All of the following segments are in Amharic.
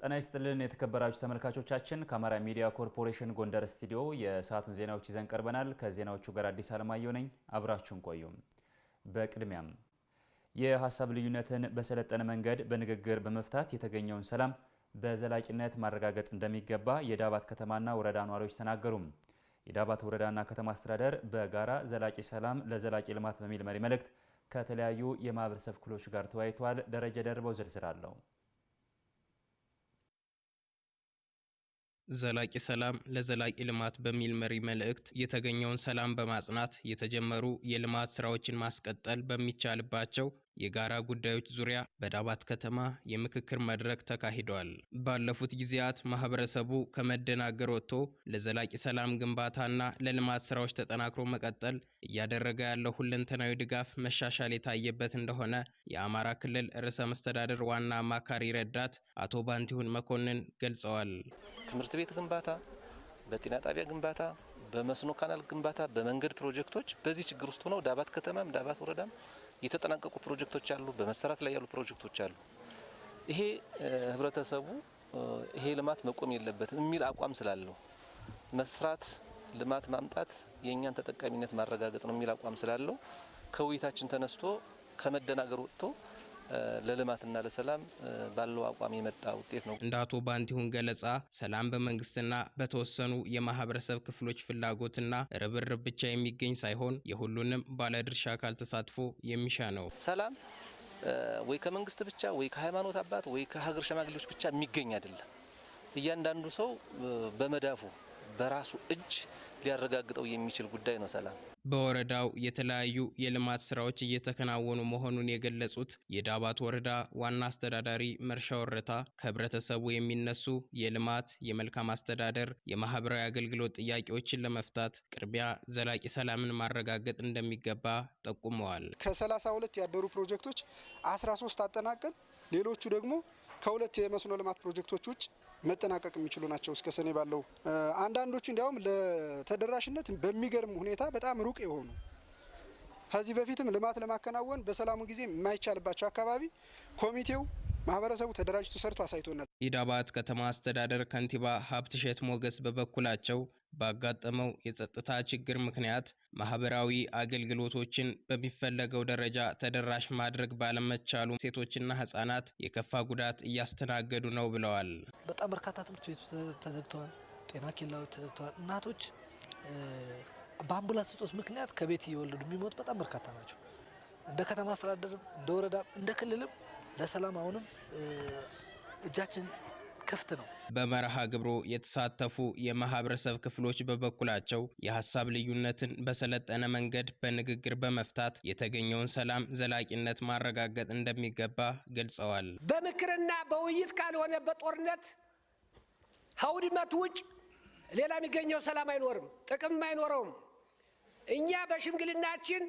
ጤና ይስጥልን የተከበራችሁ ተመልካቾቻችን፣ ከአማራ ሚዲያ ኮርፖሬሽን ጎንደር ስቱዲዮ የሰዓቱን ዜናዎች ይዘን ቀርበናል። ከዜናዎቹ ጋር አዲስ አለማየሁ ነኝ። አብራችሁን ቆዩ። በቅድሚያም የሀሳብ ልዩነትን በሰለጠነ መንገድ በንግግር በመፍታት የተገኘውን ሰላም በዘላቂነት ማረጋገጥ እንደሚገባ የዳባት ከተማና ወረዳ ነዋሪዎች ተናገሩ። የዳባት ወረዳና ከተማ አስተዳደር በጋራ ዘላቂ ሰላም ለዘላቂ ልማት በሚል መሪ መልእክት ከተለያዩ የማህበረሰብ ክፍሎች ጋር ተወያይተዋል። ደረጀ ደርበው ዝርዝር አለው። ዘላቂ ሰላም ለዘላቂ ልማት በሚል መሪ መልእክት የተገኘውን ሰላም በማጽናት የተጀመሩ የልማት ስራዎችን ማስቀጠል በሚቻልባቸው የጋራ ጉዳዮች ዙሪያ በዳባት ከተማ የምክክር መድረክ ተካሂዷል። ባለፉት ጊዜያት ማህበረሰቡ ከመደናገር ወጥቶ ለዘላቂ ሰላም ግንባታና ለልማት ስራዎች ተጠናክሮ መቀጠል እያደረገ ያለው ሁለንተናዊ ድጋፍ መሻሻል የታየበት እንደሆነ የአማራ ክልል ርዕሰ መስተዳደር ዋና አማካሪ ረዳት አቶ ባንቲሁን መኮንን ገልጸዋል። ትምህርት ቤት ግንባታ፣ በጤና ጣቢያ ግንባታ፣ በመስኖ ካናል ግንባታ፣ በመንገድ ፕሮጀክቶች በዚህ ችግር ውስጥ ሆነው ዳባት ከተማም ዳባት ወረዳም የተጠናቀቁ ፕሮጀክቶች አሉ፣ በመሰራት ላይ ያሉ ፕሮጀክቶች አሉ። ይሄ ህብረተሰቡ ይሄ ልማት መቆም የለበትም የሚል አቋም ስላለው መስራት ልማት ማምጣት የእኛን ተጠቃሚነት ማረጋገጥ ነው የሚል አቋም ስላለው ከውይይታችን ተነስቶ ከመደናገር ወጥቶ ለልማትና ለሰላም ባለው አቋም የመጣ ውጤት ነው። እንደ አቶ ባንቲሁን ገለጻ ሰላም በመንግስትና በተወሰኑ የማህበረሰብ ክፍሎች ፍላጎትና ርብርብ ብቻ የሚገኝ ሳይሆን የሁሉንም ባለድርሻ አካል ተሳትፎ የሚሻ ነው። ሰላም ወይ ከመንግስት ብቻ ወይ ከሃይማኖት አባት ወይ ከሀገር ሸማግሌዎች ብቻ የሚገኝ አይደለም። እያንዳንዱ ሰው በመዳፉ በራሱ እጅ ሊያረጋግጠው የሚችል ጉዳይ ነው ሰላም በወረዳው የተለያዩ የልማት ስራዎች እየተከናወኑ መሆኑን የገለጹት የዳባት ወረዳ ዋና አስተዳዳሪ መርሻ ወረታ ከህብረተሰቡ የሚነሱ የልማት፣ የመልካም አስተዳደር፣ የማህበራዊ አገልግሎት ጥያቄዎችን ለመፍታት ቅድሚያ ዘላቂ ሰላምን ማረጋገጥ እንደሚገባ ጠቁመዋል። ሁለት ያደሩ ፕሮጀክቶች 13 አጠናቀን ሌሎቹ ደግሞ ከሁለት የመስኖ ልማት ፕሮጀክቶች ውጭ መጠናቀቅ የሚችሉ ናቸው እስከ ሰኔ ባለው። አንዳንዶቹ እንዲያውም ለተደራሽነት በሚገርም ሁኔታ በጣም ሩቅ የሆኑ ከዚህ በፊትም ልማት ለማከናወን በሰላሙ ጊዜ የማይቻልባቸው አካባቢ ኮሚቴው ማህበረሰቡ ተደራጅቶ ሰርቶ አሳይቶናል። ኢዳባት ከተማ አስተዳደር ከንቲባ ሀብትሸት ሞገስ በበኩላቸው ባጋጠመው የጸጥታ ችግር ምክንያት ማህበራዊ አገልግሎቶችን በሚፈለገው ደረጃ ተደራሽ ማድረግ ባለመቻሉ ሴቶችና ህጻናት የከፋ ጉዳት እያስተናገዱ ነው ብለዋል። በጣም በርካታ ትምህርት ቤቶች ተዘግተዋል፣ ጤና ኬላዎች ተዘግተዋል። እናቶች በአምቡላንስ እጦት ምክንያት ከቤት እየወለዱ የሚሞቱ በጣም በርካታ ናቸው። እንደ ከተማ አስተዳደርም እንደ ወረዳም እንደ ክልልም ለሰላም አሁንም እጃችን ክፍት ነው። በመርሃ ግብሩ የተሳተፉ የማህበረሰብ ክፍሎች በበኩላቸው የሀሳብ ልዩነትን በሰለጠነ መንገድ በንግግር በመፍታት የተገኘውን ሰላም ዘላቂነት ማረጋገጥ እንደሚገባ ገልጸዋል። በምክርና በውይይት ካልሆነ በጦርነት ከውድመት ውጭ ሌላ የሚገኘው ሰላም አይኖርም፣ ጥቅምም አይኖረውም። እኛ በሽምግልናችን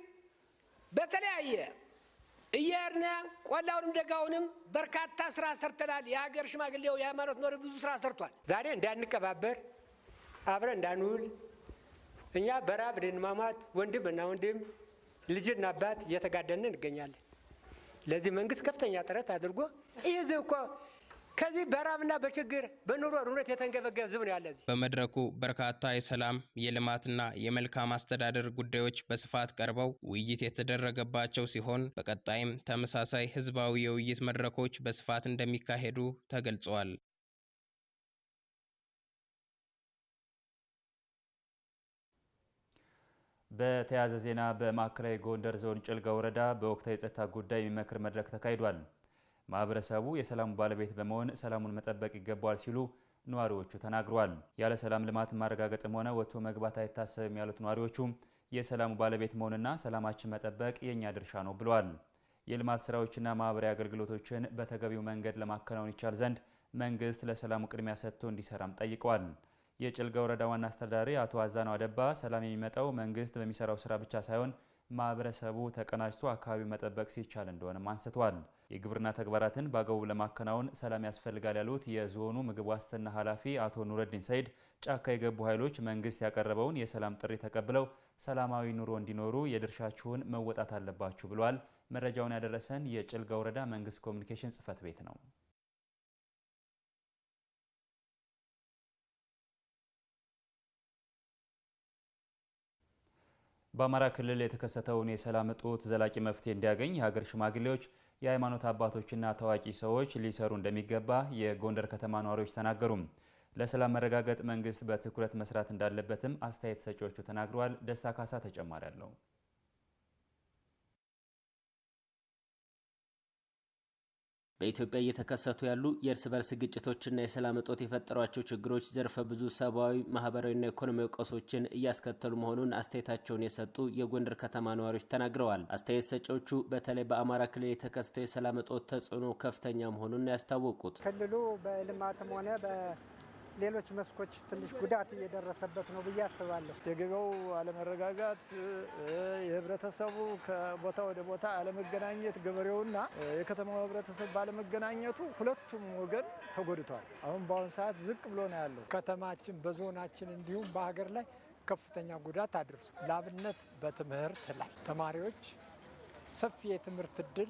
በተለያየ እየርነ ቆላውንም ደጋውንም በርካታ ስራ ሰርተናል። የሀገር ሽማግሌው የሃይማኖት መሪ ብዙ ስራ ሰርቷል። ዛሬ እንዳንቀባበር አብረን እንዳንውል እኛ በራብ ልንማማት ወንድም እና ወንድም ልጅና አባት እየተጋደልን እንገኛለን። ለዚህ መንግስት ከፍተኛ ጥረት አድርጎ ይህ እኮ ከዚህ በራብና በችግር በኑሮ ሩነት የተንገበገበ ዝብ ነው ያለ። በመድረኩ በርካታ የሰላም የልማትና የመልካም አስተዳደር ጉዳዮች በስፋት ቀርበው ውይይት የተደረገባቸው ሲሆን በቀጣይም ተመሳሳይ ህዝባዊ የውይይት መድረኮች በስፋት እንደሚካሄዱ ተገልጸዋል። በተያያዘ ዜና በማዕከላዊ ጎንደር ዞን ጭልጋ ወረዳ በወቅታዊ የጸጥታ ጉዳይ የሚመክር መድረክ ተካሂዷል። ማህበረሰቡ የሰላሙ ባለቤት በመሆን ሰላሙን መጠበቅ ይገባዋል ሲሉ ነዋሪዎቹ ተናግረዋል። ያለ ሰላም ልማት ማረጋገጥም ሆነ ወጥቶ መግባት አይታሰብም ያሉት ነዋሪዎቹ የሰላሙ ባለቤት መሆንና ሰላማችን መጠበቅ የእኛ ድርሻ ነው ብለዋል። የልማት ስራዎችና ማህበራዊ አገልግሎቶችን በተገቢው መንገድ ለማከናወን ይቻል ዘንድ መንግስት ለሰላሙ ቅድሚያ ሰጥቶ እንዲሰራም ጠይቀዋል። የጭልጋ ወረዳ ዋና አስተዳዳሪ አቶ አዛነው አደባ ሰላም የሚመጣው መንግስት በሚሰራው ስራ ብቻ ሳይሆን ማህበረሰቡ ተቀናጅቶ አካባቢ መጠበቅ ሲቻል እንደሆነም አንስተዋል። የግብርና ተግባራትን በአግባቡ ለማከናወን ሰላም ያስፈልጋል ያሉት የዞኑ ምግብ ዋስትና ኃላፊ አቶ ኑረዲን ሰይድ ጫካ የገቡ ኃይሎች መንግስት ያቀረበውን የሰላም ጥሪ ተቀብለው ሰላማዊ ኑሮ እንዲኖሩ የድርሻችሁን መወጣት አለባችሁ ብሏል። መረጃውን ያደረሰን የጭልጋ ወረዳ መንግስት ኮሚኒኬሽን ጽህፈት ቤት ነው። በአማራ ክልል የተከሰተውን የሰላም እጦት ዘላቂ መፍትሄ እንዲያገኝ የሀገር ሽማግሌዎች፣ የሃይማኖት አባቶችና ታዋቂ ሰዎች ሊሰሩ እንደሚገባ የጎንደር ከተማ ነዋሪዎች ተናገሩም። ለሰላም መረጋገጥ መንግስት በትኩረት መስራት እንዳለበትም አስተያየት ሰጪዎቹ ተናግረዋል። ደስታ ካሳ ተጨማሪ አለው። በኢትዮጵያ እየተከሰቱ ያሉ የእርስ በርስ ግጭቶችና የሰላም እጦት የፈጠሯቸው ችግሮች ዘርፈ ብዙ ሰብአዊ፣ ማህበራዊና ኢኮኖሚያዊ ቀውሶችን እያስከተሉ መሆኑን አስተያየታቸውን የሰጡ የጎንደር ከተማ ነዋሪዎች ተናግረዋል። አስተያየት ሰጪዎቹ በተለይ በአማራ ክልል የተከሰተው የሰላም እጦት ተጽዕኖ ከፍተኛ መሆኑን ያስታወቁት ክልሉ በልማትም ሆነ ሌሎች መስኮች ትንሽ ጉዳት እየደረሰበት ነው ብዬ አስባለሁ። የገበያው አለመረጋጋት፣ የህብረተሰቡ ከቦታ ወደ ቦታ አለመገናኘት፣ ገበሬውና የከተማው ህብረተሰብ ባለመገናኘቱ ሁለቱም ወገን ተጎድቷል። አሁን በአሁኑ ሰዓት ዝቅ ብሎ ነው ያለው። ከተማችን በዞናችን እንዲሁም በሀገር ላይ ከፍተኛ ጉዳት አድርሷል። ለአብነት በትምህርት ላይ ተማሪዎች ሰፊ የትምህርት እድል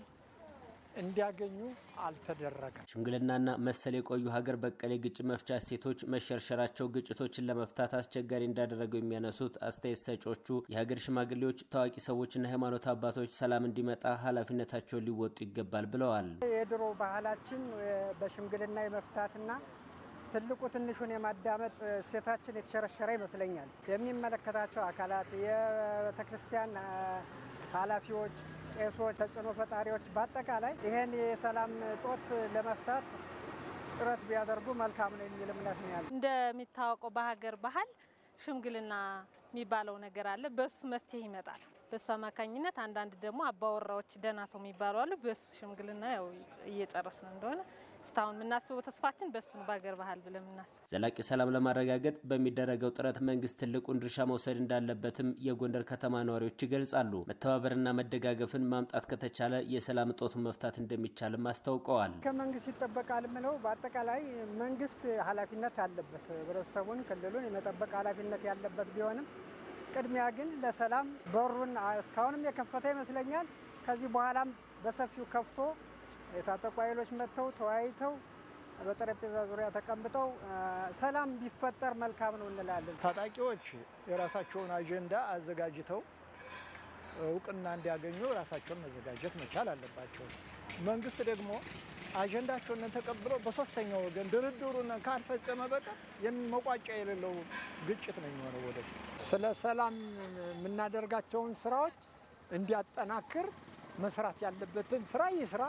እንዲያገኙ አልተደረገም። ሽምግልናና መሰል የቆዩ ሀገር በቀል የግጭት መፍቻ እሴቶች መሸርሸራቸው ግጭቶችን ለመፍታት አስቸጋሪ እንዳደረገው የሚያነሱት አስተያየት ሰጮቹ የሀገር ሽማግሌዎች፣ ታዋቂ ሰዎችና ሃይማኖት አባቶች ሰላም እንዲመጣ ኃላፊነታቸውን ሊወጡ ይገባል ብለዋል። የድሮ ባህላችን በሽምግልና የመፍታትና ትልቁ ትንሹን የማዳመጥ እሴታችን የተሸረሸረ ይመስለኛል። የሚመለከታቸው አካላት የቤተክርስቲያን ኃላፊዎች ቄሶች፣ ተጽዕኖ ፈጣሪዎች በአጠቃላይ ይህን የሰላም እጦት ለመፍታት ጥረት ቢያደርጉ መልካም ነው የሚል እምነት ነው ያለ። እንደሚታወቀው በሀገር ባህል ሽምግልና የሚባለው ነገር አለ። በሱ መፍትሄ ይመጣል። በሱ አማካኝነት አንዳንድ ደግሞ አባወራዎች ደህና ሰው የሚባሉ አሉ። በሱ ሽምግልና ያው እየጨረስን እንደሆነ እስካሁን የምናስበው ተስፋችን በሱ በሀገር ባህል ብለን የምናስበው ዘላቂ ሰላም ለማረጋገጥ በሚደረገው ጥረት መንግስት ትልቁን ድርሻ መውሰድ እንዳለበትም የጎንደር ከተማ ነዋሪዎች ይገልጻሉ። መተባበርና መደጋገፍን ማምጣት ከተቻለ የሰላም እጦቱን መፍታት እንደሚቻልም አስታውቀዋል። ከመንግስት ይጠበቃል ምለው በአጠቃላይ መንግስት ኃላፊነት አለበት። ህብረተሰቡን፣ ክልሉን የመጠበቅ ኃላፊነት ያለበት ቢሆንም ቅድሚያ ግን ለሰላም በሩን እስካሁንም የከፈተ ይመስለኛል። ከዚህ በኋላም በሰፊው ከፍቶ የታጠቁ ኃይሎች መጥተው ተወያይተው በጠረጴዛ ዙሪያ ተቀምጠው ሰላም ቢፈጠር መልካም ነው እንላለን። ታጣቂዎች የራሳቸውን አጀንዳ አዘጋጅተው እውቅና እንዲያገኙ ራሳቸውን መዘጋጀት መቻል አለባቸው። መንግስት ደግሞ አጀንዳቸውን ተቀብሎ በሶስተኛው ወገን ድርድሩን ካልፈጸመ በቀር መቋጫ የሌለው ግጭት ነው የሚሆነው። ወደፊት ስለ ሰላም የምናደርጋቸውን ስራዎች እንዲያጠናክር መስራት ያለበትን ስራ ይስራ።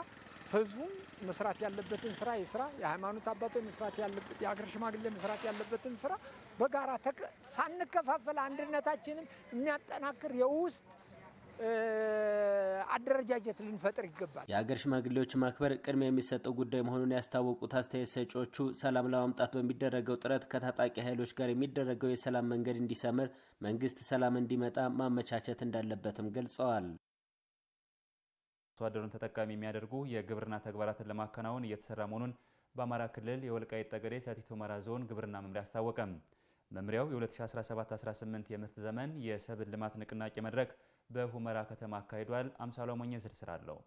ህዝቡ መስራት ያለበትን ስራ ይስራ። የሃይማኖት አባቶች መስራት ያለበት የሀገር ሽማግሌ መስራት ያለበትን ስራ በጋራ ሳንከፋፈል አንድነታችንም የሚያጠናክር የውስጥ አደረጃጀት ልንፈጥር ይገባል። የሀገር ሽማግሌዎች ማክበር ቅድሚያ የሚሰጠው ጉዳይ መሆኑን ያስታወቁት አስተያየት ሰጪዎቹ ሰላም ለማምጣት በሚደረገው ጥረት ከታጣቂ ኃይሎች ጋር የሚደረገው የሰላም መንገድ እንዲሰምር መንግስት ሰላም እንዲመጣ ማመቻቸት እንዳለበትም ገልጸዋል። አርሶአደሩን ተጠቃሚ የሚያደርጉ የግብርና ተግባራትን ለማከናወን እየተሰራ መሆኑን በአማራ ክልል የወልቃይት ጠገዴ ሰቲት ሁመራ ዞን ግብርና መምሪያ አስታወቀም። መምሪያው የ2017-18 የምርት ዘመን የሰብል ልማት ንቅናቄ መድረክ በሁመራ ከተማ አካሂዷል። አምሳሏ ሞኘ ዝርዝር አለው።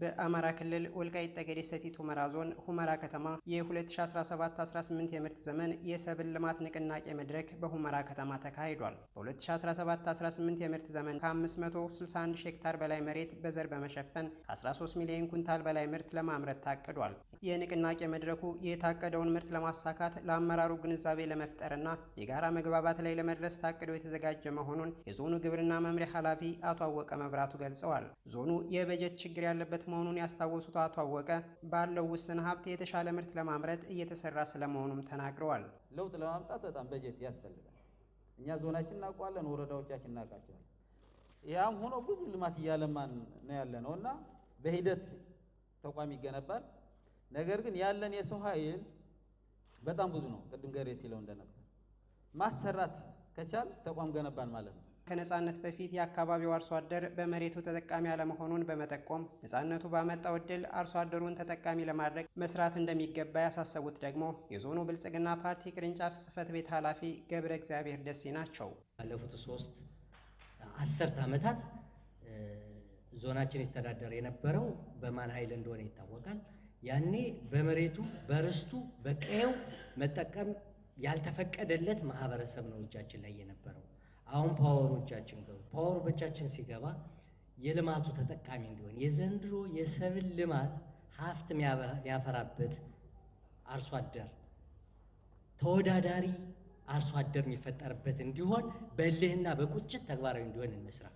በአማራ ክልል ወልቃይት ጠገዴ ሰቲት ሁመራ ዞን ሁመራ ከተማ የ2017-18 የምርት ዘመን የሰብል ልማት ንቅናቄ መድረክ በሁመራ ከተማ ተካሂዷል። በ2017-18 የምርት ዘመን ከ561 ሺህ ሄክታር በላይ መሬት በዘር በመሸፈን ከ13 ሚሊዮን ኩንታል በላይ ምርት ለማምረት ታቅዷል። የንቅናቄ መድረኩ የታቀደውን ምርት ለማሳካት ለአመራሩ ግንዛቤ ለመፍጠርና የጋራ መግባባት ላይ ለመድረስ ታቅዶ የተዘጋጀ መሆኑን የዞኑ ግብርና መምሪያ ኃላፊ አቶ አወቀ መብራቱ ገልጸዋል። ዞኑ የበጀት ችግር ያለበት መሆኑን ያስታወሱት አቶ አወቀ ባለው ውስን ሀብት የተሻለ ምርት ለማምረት እየተሰራ ስለመሆኑም ተናግረዋል። ለውጥ ለማምጣት በጣም በጀት ያስፈልጋል። እኛ ዞናችን እናውቀዋለን፣ ወረዳዎቻችን እናውቃቸዋለን። ያም ሆኖ ብዙ ልማት እያለማን ነው ያለ ነው እና በሂደት ተቋም ይገነባል ነገር ግን ያለን የሰው ኃይል በጣም ብዙ ነው። ቅድም ገሬ ሲለው እንደነበር ማሰራት ከቻል ተቋም ገነባን ማለት ነው። ከነጻነት በፊት የአካባቢው አርሶ አደር በመሬቱ ተጠቃሚ አለመሆኑን በመጠቆም ነጻነቱ ባመጣው እድል አርሶ አደሩን ተጠቃሚ ለማድረግ መስራት እንደሚገባ ያሳሰቡት ደግሞ የዞኑ ብልጽግና ፓርቲ ቅርንጫፍ ጽፈት ቤት ኃላፊ ገብረ እግዚአብሔር ደሴ ናቸው። ባለፉት ሶስት አስርት ዓመታት ዞናችን ይተዳደር የነበረው በማን ኃይል እንደሆነ ይታወቃል። ያኔ በመሬቱ በርስቱ በቀየው መጠቀም ያልተፈቀደለት ማህበረሰብ ነው እጃችን ላይ የነበረው። አሁን ፓወሮቻችን ገቡ። ፓወር በእጃችን ሲገባ የልማቱ ተጠቃሚ እንዲሆን የዘንድሮ የሰብል ልማት ሀብት የሚያፈራበት አርሶ አደር ተወዳዳሪ አርሶ አደር የሚፈጠርበት እንዲሆን በልህና በቁጭት ተግባራዊ እንዲሆን እንስራ።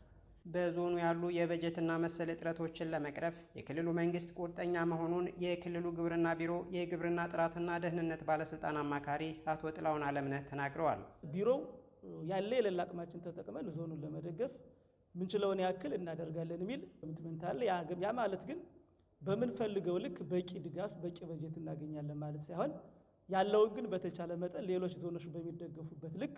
በዞኑ ያሉ የበጀትና መሰል እጥረቶችን ለመቅረፍ የክልሉ መንግስት ቁርጠኛ መሆኑን የክልሉ ግብርና ቢሮ የግብርና ጥራትና ደህንነት ባለስልጣን አማካሪ አቶ ጥላውን አለምነህ ተናግረዋል። ቢሮው ያለ የሌላ አቅማችን ተጠቅመን ዞኑን ለመደገፍ ምንችለውን ያክል እናደርጋለን የሚል ኮሚትመንት አለ። ያ ማለት ግን በምንፈልገው ልክ በቂ ድጋፍ በቂ በጀት እናገኛለን ማለት ሳይሆን ያለውን ግን በተቻለ መጠን ሌሎች ዞኖች በሚደገፉበት ልክ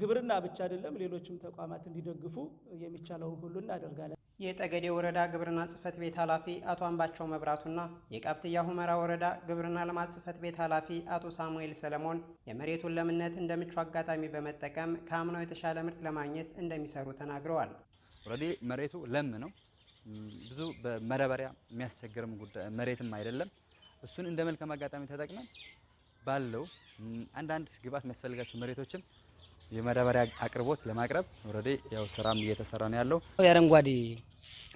ግብርና ብቻ አይደለም፣ ሌሎችም ተቋማት እንዲደግፉ የሚቻለውን ሁሉ እናደርጋለን። የጠገዴ ወረዳ ግብርና ጽህፈት ቤት ኃላፊ አቶ አምባቸው መብራቱና የቃብትያ ሁመራ ወረዳ ግብርና ልማት ጽህፈት ቤት ኃላፊ አቶ ሳሙኤል ሰለሞን የመሬቱን ለምነት እንደ ምቹ አጋጣሚ በመጠቀም ከአምናው የተሻለ ምርት ለማግኘት እንደሚሰሩ ተናግረዋል። ኦልሬዲ መሬቱ ለም ነው። ብዙ በመዳበሪያ የሚያስቸግርም መሬትም አይደለም። እሱን እንደ መልካም አጋጣሚ ተጠቅመን ባለው አንዳንድ ግብዓት የሚያስፈልጋቸው መሬቶችም የማዳበሪያ አቅርቦት ለማቅረብ ኦልሬዲ ያው ስራም እየተሰራ ነው ያለው። የአረንጓዴ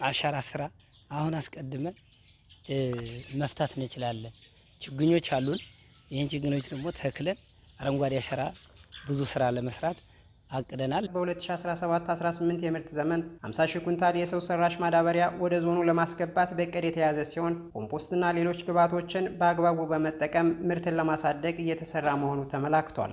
አሻራ ስራ አሁን አስቀድመን መፍታት እንችላለን። ችግኞች አሉን። ይህን ችግኞች ደግሞ ተክለን አረንጓዴ አሻራ ብዙ ስራ ለመስራት አቅደናል። በ2017-18 የምርት ዘመን 50 ሺህ ኩንታል የሰው ሰራሽ ማዳበሪያ ወደ ዞኑ ለማስገባት በቀድ የተያዘ ሲሆን ኮምፖስትና ሌሎች ግብዓቶችን በአግባቡ በመጠቀም ምርትን ለማሳደግ እየተሰራ መሆኑ ተመላክቷል።